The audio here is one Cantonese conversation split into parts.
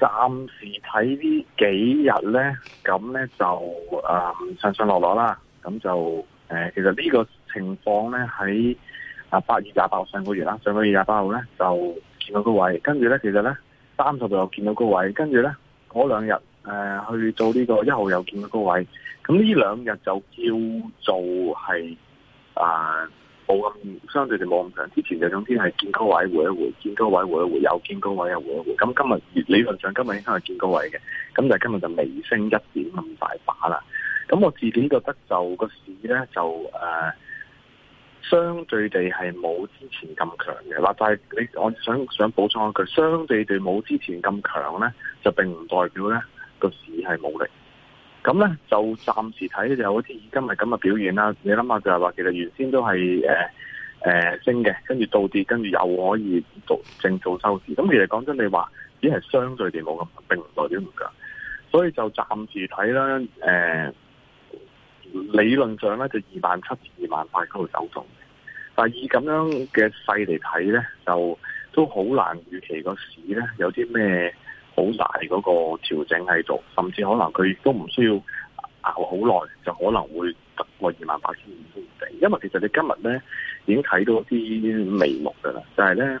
暫時睇呢幾日呢，咁呢就、呃、上上落落啦。咁就、呃、其實呢個情況呢，喺啊八月廿八號上個月啦，上個月廿八號呢，就見到個位，跟住呢，其實呢，三十號又見到個位，跟住呢，嗰兩、呃去到呢個、日去做呢個一號又見到個位，咁呢兩日就叫做係啊。呃冇咁，相對地冇咁強。之前就總之係見高位回一回，見高位回一回，又見高位又回一回。咁今日理論上今日應該係見高位嘅，咁但係今日就微升一點咁大把啦。咁我自己覺得就個市咧就誒、啊，相對地係冇之前咁強嘅。嗱，但係你我想想補充一句，相對地冇之前咁強咧，就並唔代表咧個市係冇力。咁咧就暫時睇咧就好似以今日咁嘅表現啦。你諗下就係話其實原先都係誒誒升嘅，跟住倒跌，跟住又可以做正做收市。咁其實講真，你話已經係相對地冇咁，並唔代表唔強。所以就暫時睇啦，誒、呃，理論上咧就二萬七至二萬八嗰度走動，但以咁樣嘅勢嚟睇咧，就都好難預期個市咧有啲咩。好大嗰個調整喺度，甚至可能佢都唔需要熬好耐，就可能會突破二萬八千五。因為其實你今日咧已經睇到一啲眉目噶啦，就係咧，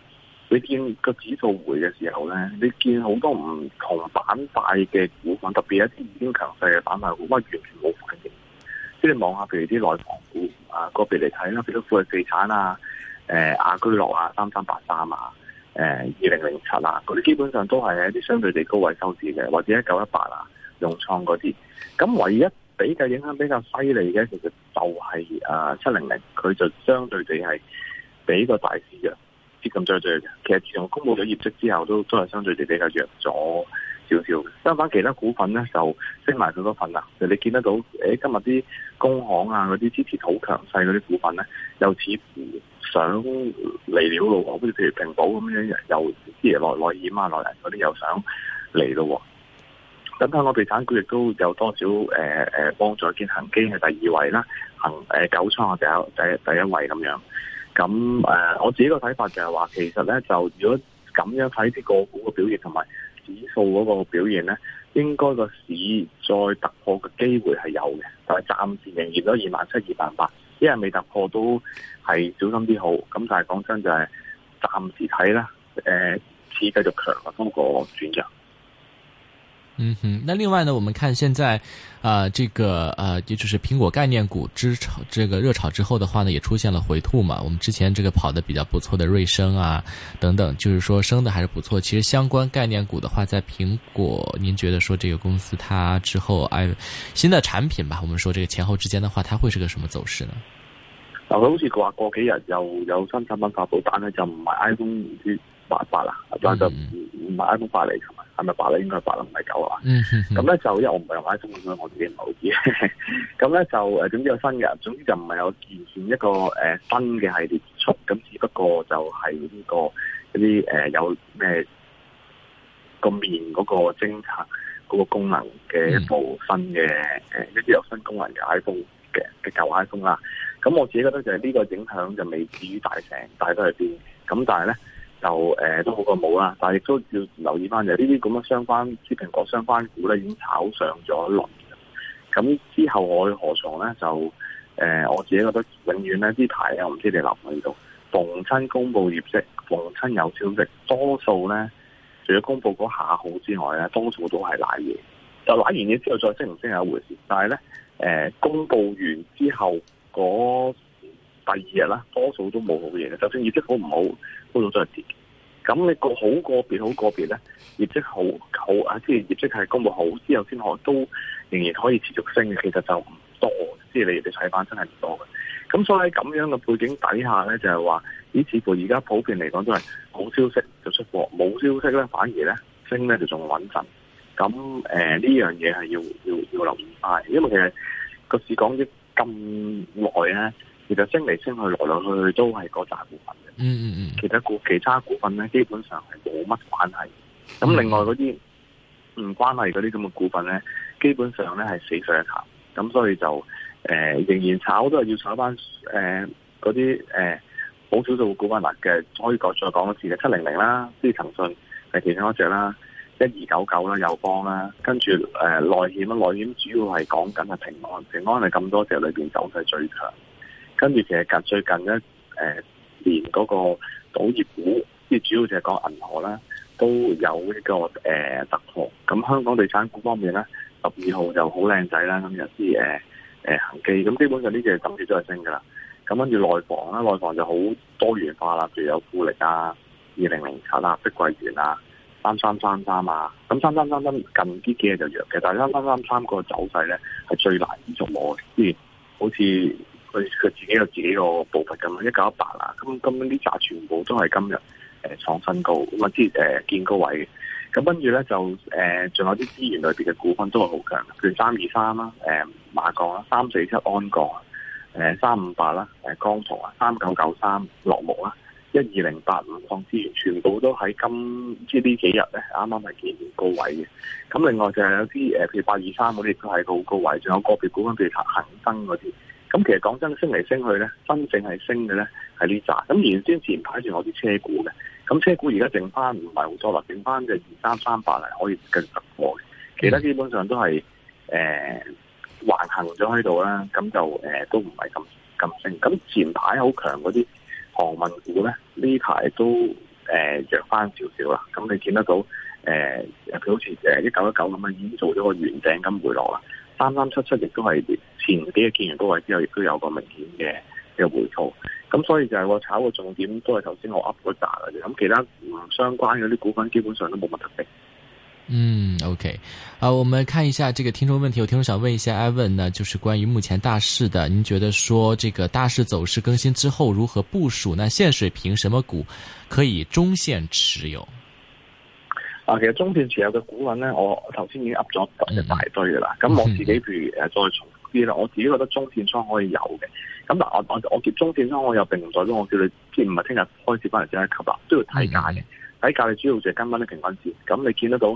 你見個指數回嘅時候咧，你見好多唔同板塊嘅股份，特別一啲已經強勢嘅板塊股，乜完全冇反應。即係你望下，譬如啲內房股啊，個別嚟睇啦，譬如富力地產啊、誒雅居樂啊、三三八三啊。誒，二零零七啊，佢哋基本上都係一啲相對地高位收市嘅，或者一九一八啊，融創嗰啲，咁唯一響比較影響比較犀利嘅，其實就係誒七零零，佢、呃、就相對地係比一個大市弱啲咁弱弱嘅。其實自從公布咗業績之後，都都係相對地比較弱咗少少。相反，其他股份咧就升埋好多份啊！就你見得到，誒、哎，今日啲工行啊，嗰啲之前好強勢嗰啲股份咧，又似乎。想嚟了咯，好似譬如平保咁樣又啲嘢內內險啊、內銀嗰啲又想嚟咯。等等，我地產佢亦都有多少、呃、幫助，恒基係第二位啦，行、呃、九倉啊，第一第第一位咁樣。咁、呃、我自己個睇法就係話，其實咧就如果咁樣睇啲個股嘅表現同埋指數嗰個表現咧，應該個市再突破嘅機會係有嘅，但係暫時仍然都二萬七二萬八。一係未突破都係小心啲好，咁但係講真就係、是、暫時睇啦，呃，似繼續強嘅嗰個選擇。嗯哼，那另外呢，我們看現在，啊、呃，這個啊，也、呃、就是蘋果概念股之炒這個熱炒之後的話呢，也出現了回吐嘛。我們之前這個跑得比較不錯的瑞聲啊等等，就是說升得還是不錯。其實相關概念股的話，在蘋果，您覺得說這個公司它之後，哎，新的產品吧，我們說這個前後之間的話，它會是個什麼走勢呢？啊、嗯，佢好似話過幾日又有新產品發布，但呢，就唔係 iPhone 五八八啦，就唔唔係 iPhone 八嚟。係咪八咧？應該係八啦，唔係九啊嘛。咁咧 就因為我唔係用 iPhone，所以我自己唔好嘅。咁 咧就誒，總之有新嘅，總之就唔係有完全現一個誒、呃、新嘅系列出。咁只不過就係呢、這個一啲誒有咩個面嗰個精巧嗰、那個功能嘅一部分嘅誒一啲有新功能嘅 iPhone 嘅嘅舊 iPhone 啦。咁我自己覺得就係呢個影響就未至於大成，大都係邊咁，但係咧。就誒、呃、都好過冇啦，但係亦都要留意翻就呢啲咁嘅相關，似蘋果相關股咧，已經炒上咗一輪。咁之後我去何從咧就誒、呃，我自己覺得永遠咧呢排我唔知你諗唔諗到，逢親公佈業績，逢親有消息，多數咧，除咗公佈嗰下好之外咧，多數都係瀨嘢。就瀨完嘢之後再升唔升係一回事，但係咧、呃、公佈完之後嗰第二日啦，多數都冇好嘢嘅，就算業績好唔好，多數都係跌。咁、那、你個好個別好個別咧，業績好好啊，即係業績係公布好之後，先可都仍然可以持續升嘅。其實就唔多，即係你哋睇翻真係唔多嘅。咁所以喺咁樣嘅背景底下咧，就係話咦，似乎而家普遍嚟講都係好消息就出貨，冇消息咧反而咧升咧就仲穩陣。咁誒呢樣嘢係要要要留意，因為其實個市講咗咁耐咧。其實升嚟升去，來來去去都係嗰大股份嘅。嗯嗯嗯。其他股其他股份咧，基本上係冇乜關係。咁另外嗰啲唔關係嗰啲咁嘅股份咧，基本上咧係死水一潭。咁所以就誒、呃、仍然炒都係要炒翻誒嗰啲誒好少數股份嚟嘅、呃。可以再再講一次嘅七零零啦，即係騰訊係其中一隻啦，一二九九啦，友邦啦，跟住誒內險啊內險主要係講緊係平安，平安係咁多隻裏邊走勢最強。跟住其實近最近咧，誒、呃、連嗰個賭業股，即係主要就係講銀河啦，都有呢個誒突破。咁、呃、香港地產股方面咧，十二號就好靚仔啦，咁有啲誒誒恆基。咁基本上呢隻諗住都係升噶啦。咁跟住內房咧，內房就好多元化啦，譬如有富力啊、二零零七啊、碧桂園啊、三三三三啊。咁三三三三近啲幾日就弱嘅，但係三三三三個走勢咧係最難捉摸嘅，即好似。佢佢自己有自己個步伐咁啦，一九一八啦，咁咁啲扎全部都係今日誒創新高或者誒見高位嘅。咁跟住咧就誒仲、呃、有啲資源類別嘅股份都係好強，譬如三二三啦，誒馬鋼啦，三四七鞍鋼，誒三五八啦，誒江銅啊，三九九三洛鉬啦，一二零八五礦資源全部都喺今即係呢幾日咧，啱啱係見高位嘅。咁另外就係有啲誒，譬如八二三嗰啲都係好高位，仲有個別股份譬如恒恒生嗰啲。咁其實講真，升嚟升去咧，真正係升嘅咧係呢紮。咁原先前排仲有啲車股嘅，咁車股而家剩翻唔係好多啦，剩翻嘅二三三八嚟可以繼續突破嘅。其他基本上都係誒、呃、橫行咗喺度啦，咁就誒、呃、都唔係咁咁升。咁前排好強嗰啲航運股咧，呢排都誒弱翻少少啦。咁你見得到誒，佢好似誒一九一九咁樣，19 19已經做咗個圓頂咁回落啦。三三七七亦都係前幾日見完高位之後，亦都有個明顯嘅嘅回吐。咁所以就係我炒嘅重點都係頭先我 up 嗰扎啫。咁其他相關嗰啲股份基本上都冇乜特別。嗯，OK，啊，我們看一下這個聽眾問題。有聽眾想問一下 Evan，呢，就是關於目前大市的，您覺得說這個大市走勢更新之後如何部署？那現水平什麼股可以中線持有？啊，其實中線持有嘅股份咧，我頭先已經噏咗一大堆嘅啦。咁、嗯、我自己譬如誒、嗯、再重啲啦，我自己覺得中線倉可以有嘅。咁嗱，我我我接中線倉，我又並唔代表我叫你即唔係聽日開始翻嚟即刻吸啦，都要睇價嘅。喺睇價主要就係今晚嘅平均線，咁你見得到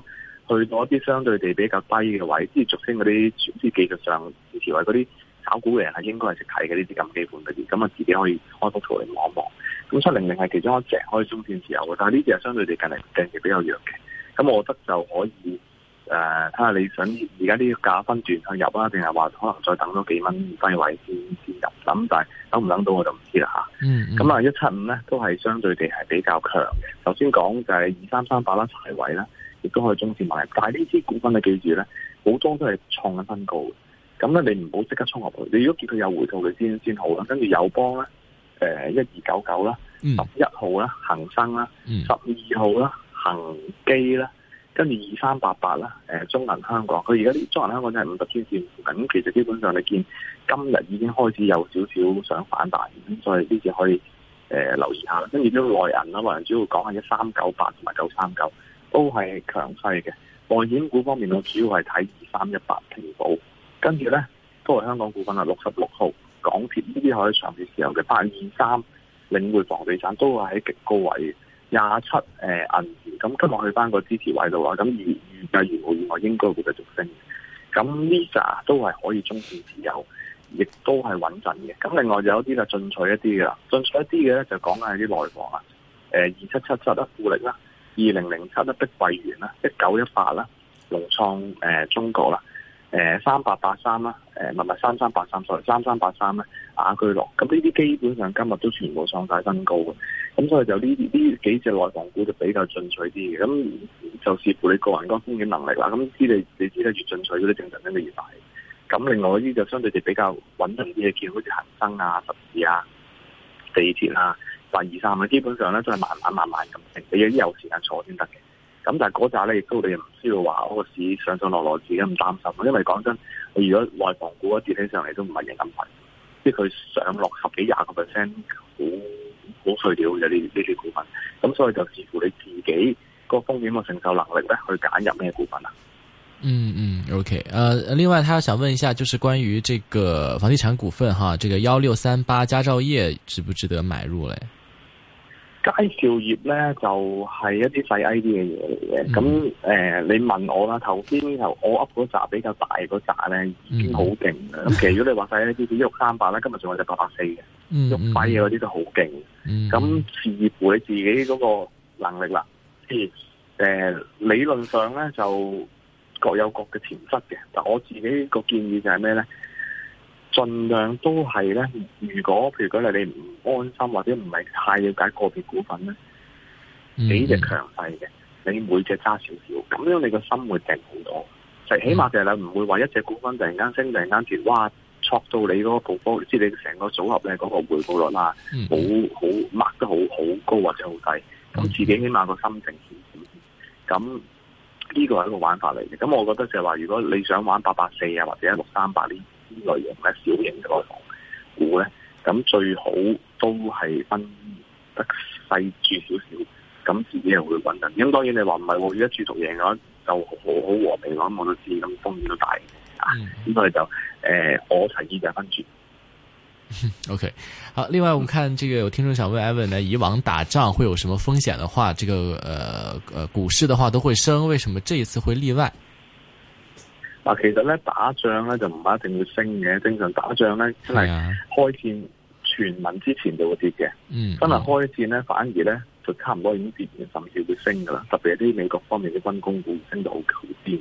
去到一啲相對地比較低嘅位置，即係俗稱嗰啲，即使技術上的支持位嗰啲，炒股嘅人係應該係識睇嘅呢啲咁基本嗰啲，咁啊自己可以開幅圖嚟望一望。咁七零零係其中一隻可以中線持有嘅，但係呢隻係相對地近嚟近期比較弱嘅。咁我覺得就可以，誒、呃，睇下你想而家呢個價分段去入啊，定係話可能再等多幾蚊低位先先入，咁但係等唔等到我就唔知啦吓、mm hmm. 啊，一七五咧都係相對地係比較強嘅。頭先講就係二三三八啦、柴位啦，亦都可以中線買。但係呢支股份嘅，記住咧，好多都係創緊新高嘅。咁咧，你唔好即刻衝落去。你如果見佢有回吐，你先先好啦。跟住友邦呢，誒、呃，一二九九啦，十一、mm hmm. 號啦，恒生啦，十二、mm hmm. 號啦。恒基啦，跟住二三八八啦，誒中銀香港，佢而家啲中銀香港就係五十天線，咁其實基本上你見今日已經開始有少少想反彈，咁所以呢次可以誒、呃、留意下。跟住都內銀啦，內銀主要講下一三九八同埋九三九，都係強勢嘅。外險股方面，我主要係睇二三一八、平保。跟住咧都係香港股份啊，六十六號、港鐵呢啲可以長期持有嘅，八二三領匯房地產都係喺極高位。廿七誒銀元，咁、呃嗯、今日去翻個支持位度話，咁預預計如無意外應該會繼續升。咁 Visa 都係可以中線持有，亦都係穩陣嘅。咁另外有啲就進取一啲嘅啦，進取一啲嘅咧就講緊係啲內房啦，誒二七七七啦，77，富力啦，二零零七啦，碧桂園啦，一九一八啦，融創誒中國啦，誒三八八三啦，誒唔係三三八三 sorry 三三八三啦，雅居樂。咁呢啲基本上今日都全部上晒新高嘅。咁所以就呢呢幾隻內房股就比較進取啲嘅，咁就視乎你個人嗰風險能力啦。咁啲你你知得越進取嗰啲整陣咧咪越大。咁另外嗰啲就相對就比較穩定啲嘅，見好似恒生啊、十子啊、地鐵啊、八二三啊，基本上咧都係慢慢慢慢咁升。你有啲有時間坐先得嘅。咁但係嗰扎咧亦都你唔需要話嗰個市上上落落自己咁擔心，因為講真，你如果內房股一跌起上嚟都唔係嘅咁大，即係佢上落十幾廿個 percent 好。股好碎料嘅呢呢啲股份，咁所以就視乎你自己個風險個承受能力咧，去揀入咩股份啊？嗯嗯，OK、呃、另外，他想問一下，就是關於這個房地產股份哈，這個幺六三八佳兆業值不值得買入咧？佳兆業咧就係、是、一啲細 I D 嘅嘢嚟嘅，咁誒、嗯呃，你問我啦，頭先頭我 up 嗰紮比較大嗰紮咧已經好勁啦，咁、嗯、 其實如果你話細 I D 嘅幺六三八啦。今日仲係就八百四嘅。肉雞啊，嗰啲都好勁，咁視乎你自己嗰個能力啦。譬如誒，理論上咧就各有各嘅潛質嘅。但我自己個建議就係咩咧？盡量都係咧，如果譬如講你你唔安心或者唔係太了解個別股份咧，你隻、嗯嗯嗯嗯嗯、強勢嘅，你每隻揸少少，咁樣你個心會定好多。就起碼就係你唔會話一隻股份突然間升，突然間跌，哇！塑造你嗰個報表，即係你成個組合咧嗰個回報率啊，好好掹得好好高或者好低，咁自己起碼個心情好啲。咁呢個係一個玩法嚟嘅。咁我覺得就係話，如果你想玩八八四啊，或者六三八呢啲類型嘅小型嘅房股咧，咁最好都係分得細注少少，咁自己又會穩陣。咁當然你話唔係喎，而家注頭贏嘅就好好和美我咁我都知，咁風險都大。嗯、啊！咁所以就誒、呃，我提議就分注、嗯。OK，好。另外，我們看這個有聽眾想問，Ivan 以往打仗會有什麼風險的話，這個，呃，呃，股市的話都會升，為什麼這一次會例外？其實咧打仗咧就唔一定會升嘅。正常打仗咧真係開戰全民之前就會跌嘅，嗯。嗯，真係開戰咧反而咧就差唔多已經跌嘅，甚至會升噶啦。特別係啲美國方面嘅軍工股升到好勁。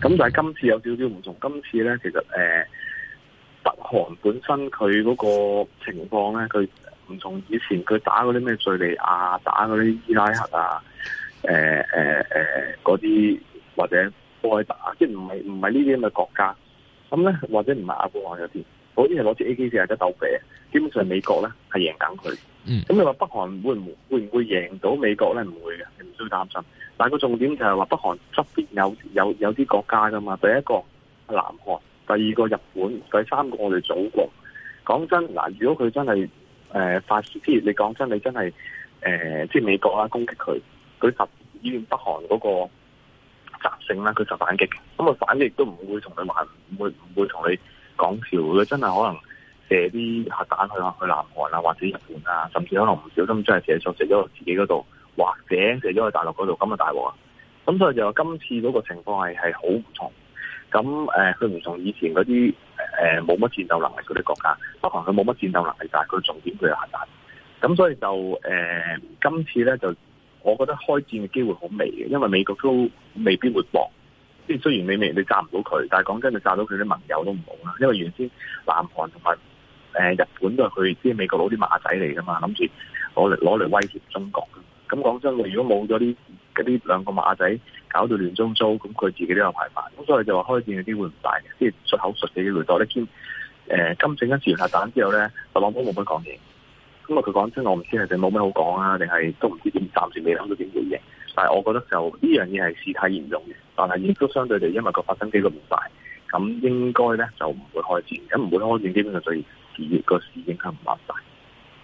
咁但係今次有少少唔同，今次咧其實誒，北韓本身佢嗰個情況咧，佢唔同以前佢打嗰啲咩敘利亞、打嗰啲伊拉克啊，誒誒誒嗰啲或者再打，即係唔係唔係呢啲咁嘅國家，咁咧或者唔係阿富汗有啲，嗰啲係攞住 A K 四啊，喺度鬥飛，基本上美國咧係贏緊佢，咁、嗯、你話北韓會會唔會贏到美國咧？唔會嘅，你唔需要擔心。但個重點就係話，北韓側邊有有有啲國家㗎嘛，第一個南韓，第二個日本，第三個我哋祖國。講真，嗱，如果佢真係誒發，即、呃、如你講真，你真係誒、呃，即美國啦，攻擊佢，佢就依邊北韓嗰個習性啦，佢就反擊，咁啊反擊都唔會同你還，唔會唔會同你講笑，佢真係可能射啲核彈去去南韓啦、啊，或者日本啊，甚至可能唔小心真係射咗射咗自己嗰度。或者射咗去大陸嗰度，咁啊大鑊啊！咁所以就話今次嗰個情況係係好唔同。咁誒，佢、呃、唔同以前嗰啲誒冇乜戰鬥能力嗰啲國家，不妨佢冇乜戰鬥能力，但係佢重點，佢又核彈。咁所以就誒、呃、今次咧，就我覺得開戰嘅機會好微嘅，因為美國都未必會搏。即係雖然你未你炸唔到佢，但係講真，你炸到佢啲盟友都唔好啦。因為原先南韓同埋誒日本都係佢即係美國攞啲馬仔嚟㗎嘛，諗住攞嚟攞嚟威脅中國。咁講真，如果冇咗啲啲兩個馬仔搞到亂中租，咁佢自己都有排煩，咁所以就話開戰嘅機會唔大，即係、就是、出口術嘅啲動作。你見誒金正恩射完核彈之後咧，特朗普冇乜講嘢，咁啊佢講真我，我、就、唔、是、知係佢冇乜好講啊，定係都唔知點，暫時未諗到點回應。但係我覺得就呢樣嘢係事態嚴重嘅，但係亦都相對地因為個發生機率唔大，咁應該咧就唔會開戰，咁唔會開戰，基本上所以個市應該唔話大。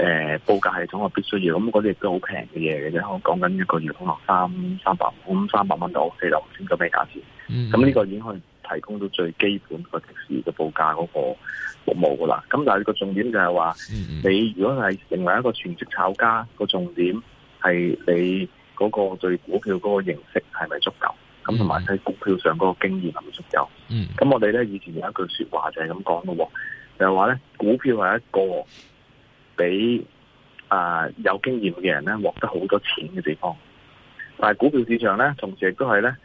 誒、呃，報價系統係必須要，咁嗰啲都好平嘅嘢嘅啫。我講緊一個月可能三三百，五三百蚊到四百五千咁咩價錢。咁呢、嗯嗯、個已經可以提供到最基本個個即時嘅報價嗰個服務噶啦。咁但係個重點就係話，你如果係成為一個全職炒家，個重點係你嗰個對股票嗰個認識係咪足夠？咁同埋喺股票上嗰個經驗係咪足夠？咁、嗯嗯、我哋咧以前有一句說話就係咁講咯，就係話咧，股票係一個。俾啊、呃、有經驗嘅人咧，獲得好多錢嘅地方，但係股票市場咧，同時亦都係咧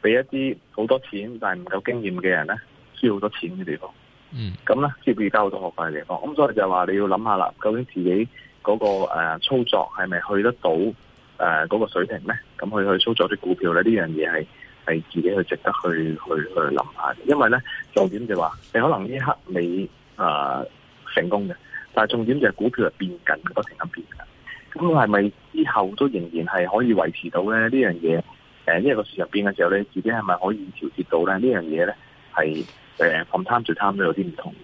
俾一啲好多錢但係唔夠經驗嘅人咧，輸好多錢嘅地方。嗯，咁咧接住交好多學費嘅地方。咁所以就話你要諗下啦，究竟自己嗰、嗰個誒、呃、操作係咪去得到誒嗰、呃嗰個水平咧？咁去去操作啲股票咧，呢樣嘢係係自己去值得去去去諗下，因為咧重點就話你可能呢刻你誒、呃、成功嘅。但係重點就係股票係變緊，不停咁變緊。咁我係咪之後都仍然係可以維持到咧呢樣嘢？誒、呃，因、這、為個市入邊嘅時候咧，你自己係咪可以調節到咧呢樣嘢咧？係誒，from time to time 都有啲唔同。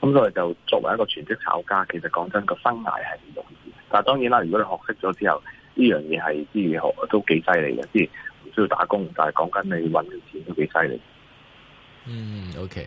咁所以就作為一個全職炒家，其實講真個生涯係唔容易。但係當然啦，如果你學識咗之後，呢樣嘢係啲學都幾犀利嘅，即係唔需要打工，但係講緊你揾到錢都幾犀利。嗯，OK。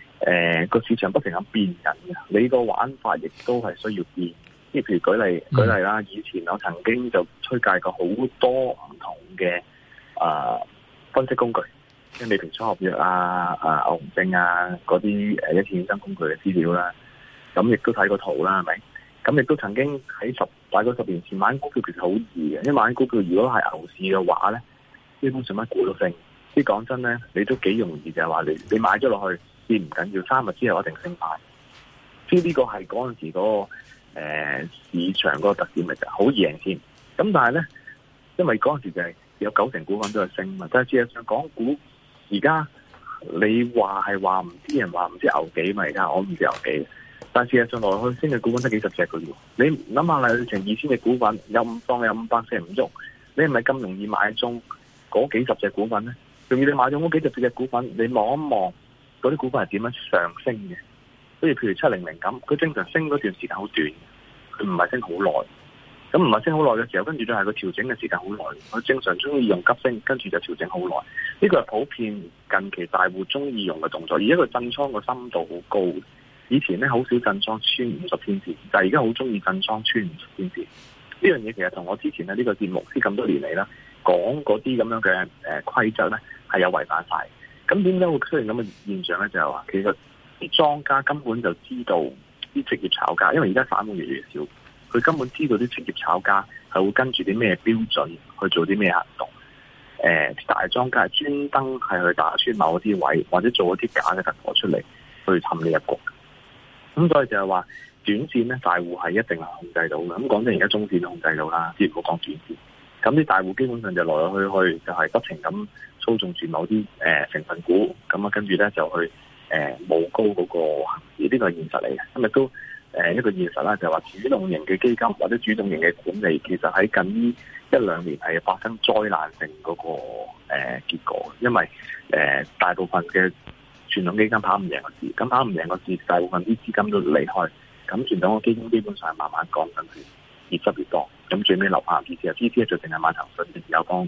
誒，個市場不停咁變緊嘅，你個玩法亦都係需要變。即係譬如舉例舉例啦，以前我曾經就推介過好多唔同嘅，啊分析工具，即係你譬如初合約啊、啊牛證啊嗰啲，誒衍生工具嘅資料啦，咁亦都睇過圖啦，係咪？咁亦都曾經喺十大概十年前玩股票其實好易嘅，因為玩股票如果係牛市嘅話咧，基本上乜股都升。即係講真咧，你都幾容易就係話你你買咗落去。唔緊要，三日之後我一定升翻，知呢個係嗰陣時嗰個、呃、市場嗰個特點咪就好易贏先，咁但係咧，因為嗰陣時就係有九成股份都係升嘛。但係事實上，港股而家你話係話唔知人話唔知牛幾咪而家我唔知牛幾。但係事實上來來去去，升嘅股份得幾十隻嘅喎。你諗下啦，成二千隻股份，有五檔有五百四五十足，你係咪咁容易買中嗰幾十隻股份咧？仲要你買咗嗰幾十隻股份，你望一望，嗰啲股份係點樣上升嘅？所以譬如七零零咁，佢正常升嗰段時間好短，佢唔係升好耐。咁唔係升好耐嘅時候，跟住就係佢調整嘅時間好耐。佢正常中意用急升，跟住就調整好耐。呢個係普遍近期大戶中意用嘅動作，而家個震倉嘅深度好高。以前咧好少震倉穿五十天線，但係而家好中意震倉穿五十天線。呢樣嘢其實同我之前喺呢個節目先咁多年嚟啦講嗰啲咁樣嘅誒規則咧係有違反晒。咁點解會出現咁嘅現象咧？就係話其實啲莊家根本就知道啲職業炒家，因為而家散戶越嚟越少，佢根本知道啲職業炒家係會跟住啲咩標準去做啲咩行動。誒、呃，大莊家係專登係去打穿某啲位，或者做一啲假嘅突破出嚟去氹呢一局。咁所以就係話短線咧，大戶係一定係控制到嘅。咁講真，而家中線控制到啦，只係冇講短線。咁啲大戶基本上就來來去去，就係不停咁。操縱住某啲誒、呃、成分股，咁、嗯、啊跟住咧就去誒冒高嗰個，呢、這個現實嚟嘅。咁亦都誒、呃、一個現實啦，就話、是、主動型嘅基金或者主動型嘅管理，其實喺近一兩年係發生災難性嗰、那個誒、呃、結果，因為誒、呃、大部分嘅傳統基金跑唔贏個市，咁跑唔贏個市，大部分啲資金都離開，咁傳統嘅基金基本上係慢慢降緊，越執越多，咁、嗯、最尾留下 ETF，ETF 就淨係買騰訊嘅友邦。